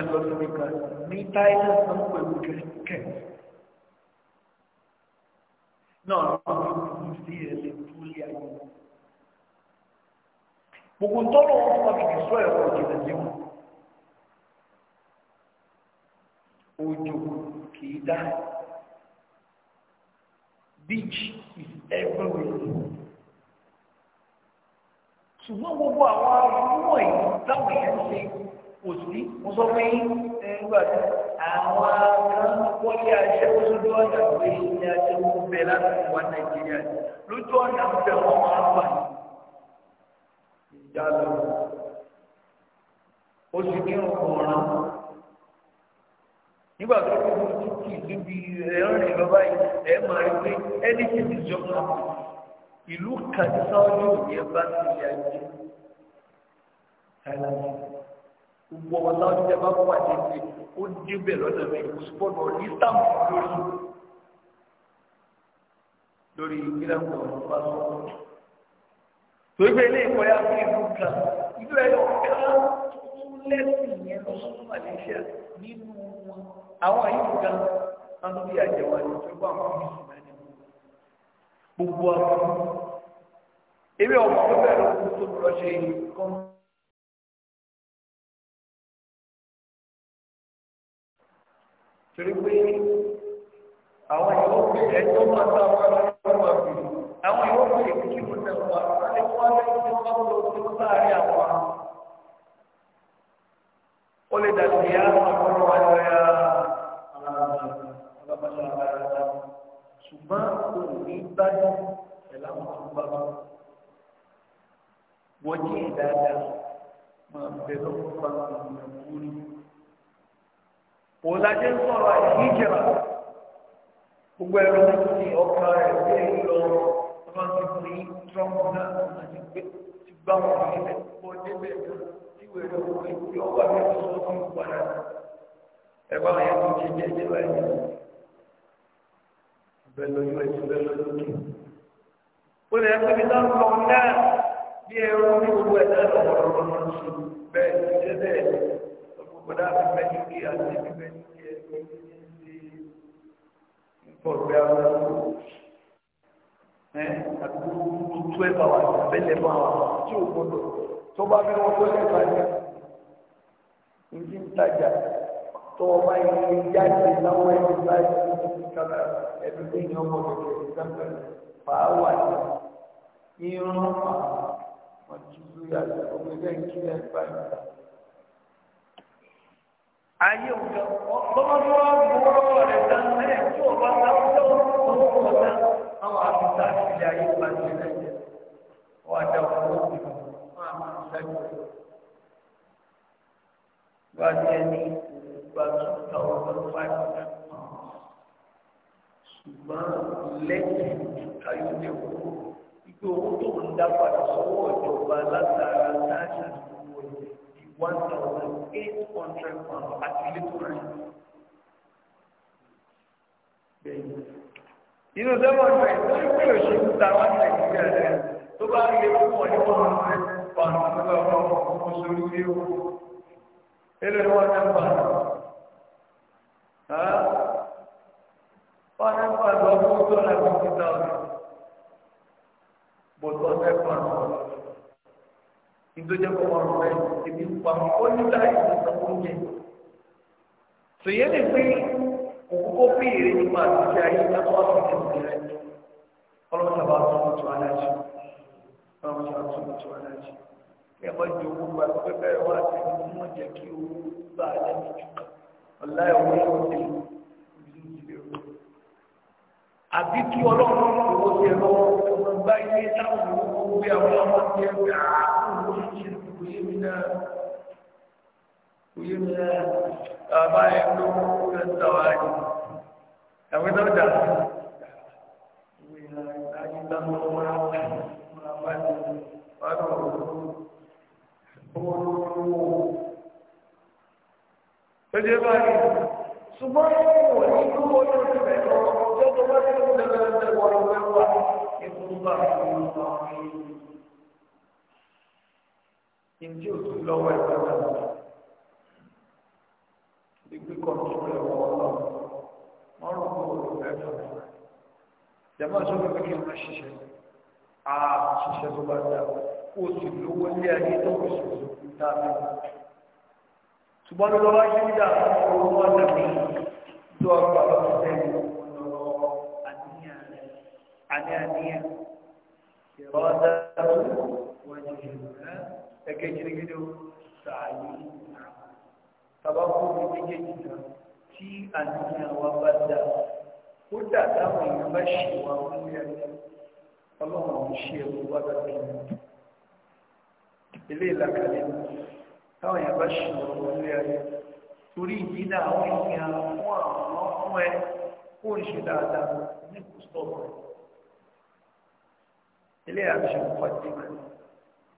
lọ síbi kan ní táìlẹ̀ tó ń pè kẹ̀kẹ́ náà lọ́wọ́ sí ẹ̀lẹ́ gbogbo ntọ́lọ̀ wọn fún akíkì sọ ẹ̀rọ òjìnà sí wọn òjò kìí dá beach is everywhere ṣùgbọ́n gbogbo àwọn arúgbó ẹ̀ táwọn èèyàn ṣe kò sí mo sọ pé nígbà tí àwọn kan wọlé aṣẹ́wó sódò ọ̀nà pé ilé aṣẹ́wó bẹ̀ láti wà Nàìjíríà lójú ọ̀nà ń bẹ̀ wọ́n máa ń já lọ oṣù ní ọkùnrin nígbà tó kó fún títì níbi ẹ̀rìn lọ báyìí ẹ̀ máa rí pé ẹni tí ti jọ kan ìlú kàdísá ọdún òní ẹ bá ti yà jẹ gbogbo ọmọ náà ti dẹ́gbà fún àti ẹgbẹ́ ó débẹ̀ lọ́dọ̀ mi kò sí gbọ́dọ̀ ní stamp lórí lórí ìgbéyàwó ọ̀rọ̀ bá sọ̀rọ̀ gbogbo ilé ìkọyà fún ìlú kan ìlú ẹ̀yọ kan lẹ́sìn yẹn lọ sí Malaysia nínú wọn àwọn ìlú kan wọn tó bí àjẹwà ní ìjọba àwọn mùsùlùmí náà ní gbogbo àwọn ewé ọmọ tó bẹ̀rẹ̀ lọ́kùn tó lọ ṣe kọ́n. torí pé àwọn ìwọ́n ẹ̀jọ́ máa ta àwọn ọmọ ìlú àwọn ìwọ́n. láàrin àwọn ó lè dàbí ìyá ọ̀pọ̀lọpọ̀ wáyé ọ̀yà ṣùgbọ́n kò ní gbádùn pẹ̀lú àwọn tó ń gbádùn wọ́n jí ìdáadáa máa bẹ̀rẹ̀ lọ́wọ́ bá kúrú ń sọ̀rọ̀ àìsí gbogbo ẹ̀rọ ní rẹ̀ sí lọ́wọ́. báwọn ọmọ ilẹ̀ pọ̀ débẹ̀ tí wọ́n rẹ̀ wọ́n pé yọ wà ní ọ̀sán fún ìpadà ẹ̀gbọ́n yẹn kò ṣe jẹ́jẹ́ báyìí bẹ́ẹ̀ lọ yóò ẹ̀sìn bẹ́ẹ̀ lọ lókè. ó lè ẹgbẹ́ mi náà kọ́ náà bí ẹ̀rọ ní gbogbo ẹ̀dá lọ́wọ́rọ́ lọ́wọ́ sí bẹ́ẹ̀ ti jẹ́ bẹ́ẹ̀ ọ̀pọ̀pọ̀dá mi bẹ́ẹ̀ ní kí àti mi bẹ́ẹ̀ kí ẹ̀ ẹ àdúgbò tó ẹ bá wà abẹ́lẹ̀ bá wà tí ò gbọdọ̀ tó bá bí wọn tó lẹ́ka ní ìdí ń tajà tó o bá yẹ jáde láwọn ẹni báyìí tó ti fi kára ẹni tó yẹ ọmọ tó ti fi kára fàá wà ní irun pa wọn ti fi yàtọ̀ ọmọ ẹgbẹ́ ìkíni ẹ̀ báyìí ayé òjò bọ́mọdé wa gbọ́ lọ́wọ́ rẹ̀ dáná ẹ̀ tí o bá ta ọjọ́ òjò tó ń bọ̀ dáná àwọn àbúta ilé ayé wà ní ilẹ̀ jẹ́ wọ́n á dá owó ìlú wọ́n á máa ṣẹ́jú rẹ̀. Gba ní ẹni gba two thousand five hundred pounds. Ṣùgbọ́n lẹ́yìn ayọ̀dé owó ìgbé owó tó ń dá padà ìjọba látara táṣà owó ẹ̀ di one thousand eight hundred pounds àti lẹ́tọ̀ọ́ rẹ̀ inú seven hundred tó ń pè òṣè ń ta wá nàìjíríà rẹ tó bá rí ewu wọn ní one hundred pound tó bá wọn kó sórí ilé o èlò ni wọn náà pa wọn náà pa lọ fún tó náà fún two thousand bòtò ọ̀sẹ̀ kan ìdójẹ́ kọ́ wọn rẹ̀ ìdí pa ó ní láì sọ fún yẹn tòyẹ́ lè pín òkúkó bí ìrè nípa àtúnṣe ayé látọ́ wá fún ìdílé rẹ ọlọ́mọta bá tún mọ̀tò aláàjì ọlọ́mọta bá tún tu aláàjì kí ẹ má jẹ owó gba pé bẹ́ẹ̀ wá sí ní mọ̀ jẹ́ kí owó bá a lẹ́nu jù ọ̀la ìwé ìwé ìwé àbí kí ọlọ́run owó ti ẹ lọ́wọ́ ọmọ bá ilé táwọn olówó gbé àwọn ọmọ ti ẹ gbé àá ah, kó bàbá yẹn ló ń sọ àyè ẹ̀wọ́n tó dà ìwé ayé dáná wọn máa bá ní wọn lọ owó lówó. Ṣé báyìí ṣùgbọ́n ìwọ̀n ní ìlú ojú ti bẹ̀rẹ̀ ọjọ́ tó bá ti ń dẹ̀rẹ̀ ẹ̀dẹ̀wọ̀ wá ètò bá ìlú ọ̀rọ̀ yìí. Ìjì òtún lọ́wọ́ ìgbàgbọ́ kọ̀ọ̀tún rẹ̀ wọ ọlọ́run wọ́n rò kó olùfẹ́ fún un jẹ́mọ́ sọ pé pé kí n máa ṣiṣẹ́ a ṣiṣẹ́ tó bá dá o sì lówó ilé ayé tó kò sì lókù dáadáa ṣùgbọ́n lọ́wọ́ yìí ń dà owó wọn dàbí lọ́ọ̀gbà lọ́sẹ̀ tẹ́lẹ̀ lọ́wọ́ àníyàn rẹ̀ àníyàn ìrọ̀lẹ́ wọ́n jẹ́ ẹgbẹ́ jẹ́gẹ́dẹ́ sàáyé tàbá fún mi méjèèjì kan tí àníyàn wa bá dà ó dà táwọn èèyàn bá ṣe wà fún ẹni ọlọ́run ò ṣe ẹ̀rọ wá bá bí mi ilé ìlàkàlẹ̀ táwọn èèyàn bá ṣe wà fún ẹni torí ìdílé àwọn èèyàn fún àwọn fún ẹ kó ń ṣe dáadáa ní kò sọ̀rọ̀ ilé àṣẹ ìfọ̀dé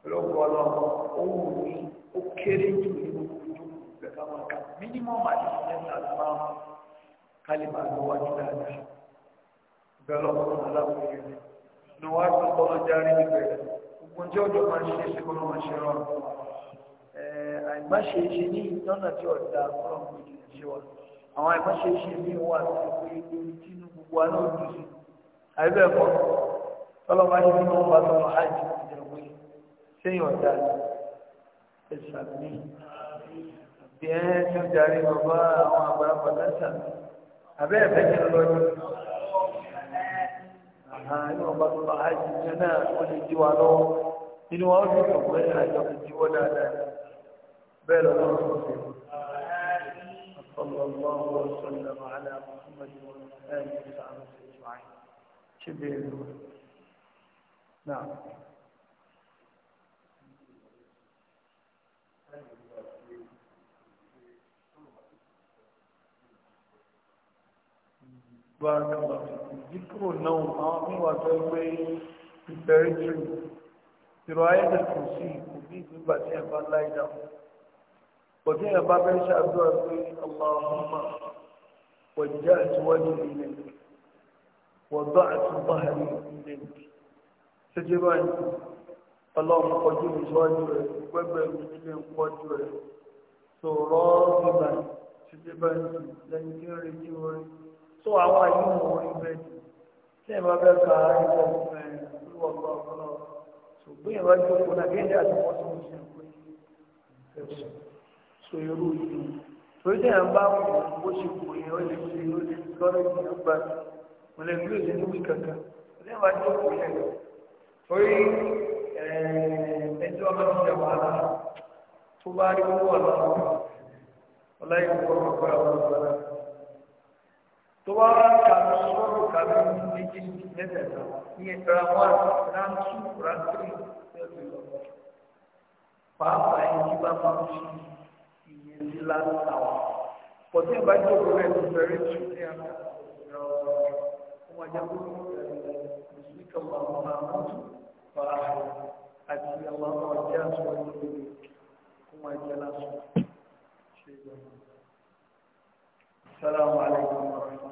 ọlọ́run ọlọ́run ó wù mí ó kéré jù ní àwọn kan mínímọ̀mù àti ìṣẹ́yìn àgbà kálíbà ló wájú dáadáa bẹ́ẹ̀ lọ́kùnrin aláwọ̀ yẹn ni wọ́n á tún tọ́lọ́ járí níbẹ̀rẹ̀ gbogbo ǹjẹ́ òjò máa ń ṣe sí kọ́nà máa ṣe ní ní wọ́n bá tọ́lọ́ àìsí ìjẹun sẹ́yìn ọ̀dà ẹ̀sìn àbí tí ẹ tó darí bàbá àwọn àgbàlagbà lẹ́sà abẹ́ ẹ̀fẹ́ kí n lọ ní. inú ọba tó bá àjù yẹn náà ó lè jí wa lọ́wọ́ inú wa ó sì sọ pé àjọ kò jí wọ́n dáadáa bẹ́ẹ̀ lọ́wọ́ sọ sí i. صلى الله وسلم على محمد وعلى اله وصحبه اجمعين شبه نعم bá kàwà dípò náà àwọn fíwà tó gbé preparatory ìrọ̀ ayẹ́dẹ̀ kò sí kò bí ìgbà tí ẹ̀ bá láì dáhùn bọ̀dé ẹ̀ bá fẹ́ ṣàdúrà pé Allahumma wajjahtu wajhi ilayk wada'tu dhahri ilayk ṣẹ́jẹ́ báyìí ọlọ́run kọjú mi síwájú rẹ̀ gbẹ́gbẹ́ mi nílé ń kọjú tó àwọn ayé wọn wọ ibẹ̀ tí ìbá bẹ ká ìwọ fún ẹ olúwa ọgbà ọgbọnọ ṣùgbọ́n ìwà tó kọ náà kéde àti wọn tó ń ṣe pé ìfẹsọ so irú yìí torí tí àwọn bá wọn bó ṣe kù yẹn ó lè ṣe ó lè lọ́rọ̀ ìdílé gbà wọn lè gbé òṣèlú wí kankan wọn lè wá tó yẹn lọ torí ẹjọ́ bá ti ṣe wàhálà tó bá rí owó ọ̀la ọ̀la ìfowópamọ́ ọ̀la ọ̀la tó wá kàmú sọ́dọ̀ kàmú méjì mẹ́tẹ̀ẹ̀ta ní ra one round two round three lọ́dún lọ́wọ́ pàápàá ẹni bá máa ń fi ìyẹn sí láńtà wá pọ̀tí ìbá jókòó rẹ̀ ti bẹ̀rẹ̀ tù ní àná ọmọ ajá kó mùsùlùmí kan máa